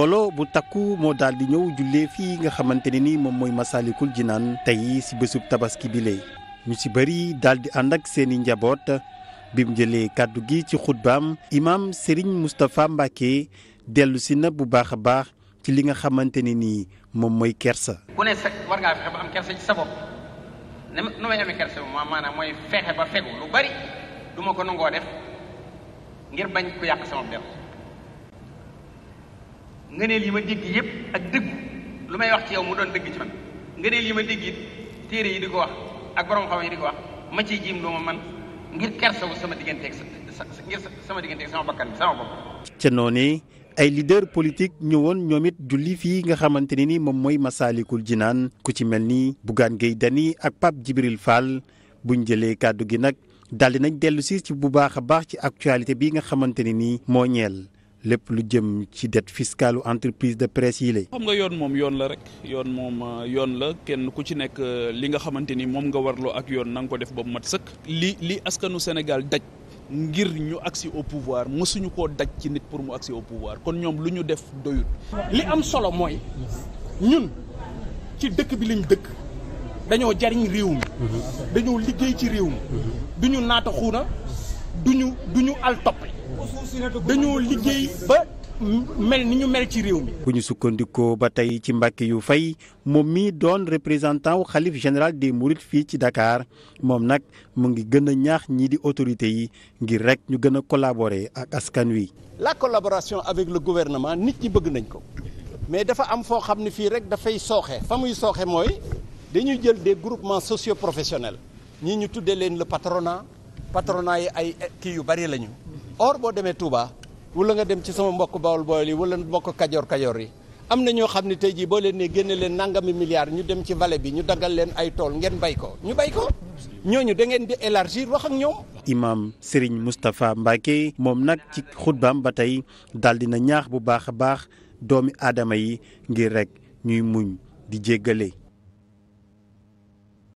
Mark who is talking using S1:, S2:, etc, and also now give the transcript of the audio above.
S1: mbooloo bu takku moo daal di ñëw jullee fii nga xamante ne ni moom mooy Masaalikul Jinaan tey ci bésub tabaski bi lay ñu ci bari daal di ànd ak seeni njaboot bim jëlee kàddu gi ci xutbaam imaam Serigne Moustapha Mbacke dellusi na bu baax a baax ci li nga xamante ne nii moom mooy kersa.
S2: ku ne sax war ngaa fexe ba am kersa ci sa bopp ne nu may amee kersa moom maanaam mooy fexe ba fegu lu bari du ko nangoo def ngir bañ ku yàq sama der ngëneel yi ma dégg yépp ak dëggu lu may wax ci yow mu doon dëgg ci man ngëneel yi ma dégg it téere yi di ko wax ak borom xam yi di ko wax ma ciy jiim lu ma man ngir kersawu sama digganteeg sa sama bakkan sama bopp.
S1: ca noonu ay leader politik ñëwoon ñoom it julli fii nga xamante ne ni moom mooy Masaalikul Jinaan ku ci mel ni Bougane Gueye Dany ak Pape Djibril Fall buñ jëlee kàddu gi nag daldi nañ dellusi ci bu baax a baax ci actualité bi nga xamante ni moo ñeel. lépp lu jëm ci dette fiscale entreprise de presse yi la.
S3: xam nga yoon moom yoon la rek yoon moom euh, yoon la kenn ku ci nekk euh, li nga xamante ni moom nga warloo ak yoon nanga ko def ba mu mat sëkk. li li askanu Sénégal daj ngir ñu agsi au pouvoir mësuñu koo daj ci nit pour mu agsi au pouvoir kon ñoom lu ñu def doyut. li am solo mooy ñun ci dëkk bi lañ dëkk
S4: dañoo jariñ réew mi.
S3: Mm-hmm.
S4: dañoo liggéey ci réew mi. Mm-hmm. duñu naata xuuna du duñu duñu al topp
S1: dañoo liggéey
S4: ba mel ni ñu mel ci réew
S1: mi. bu ñu sukkandikoo ba tey ci mbàkk yu fay moom mii doon représentant wu xalif général des Mourides fii ci dakaar moom nag mu ngi gën a ñaax ñii di autorités yi ngir rek ñu gën a collaborer ak askan wi. la collaboration avec le
S4: gouvernement nit ñi bëgg nañ ko mais dafa am foo xam ne fii rek dafay sooxe fa muy sooxe mooy dañuy jël des groupement socio professionnel ñi ñu tuddee leen le patronat. patronat yi ay eh, kii yu bari lañu. or boo demee Touba wala nga dem ci sama mbokk bawol bawol yi wala mbokk kajoor kajoor yi am na ñoo xam ne tey jii boo leen ne génne leen nangami milliards ñu dem ci vallée bi ñu daggal leen ay tool ngeen bay ko ñu bay ko ñooñu da ngeen di élargir wax ak ñoom.
S1: imaam Serigne Moustapha Mbacke moom nag ci xutbaam ba tey daal di na ñaax bu baax a baax doomi aadama yi ngir rek ñuy muñ di jéggale.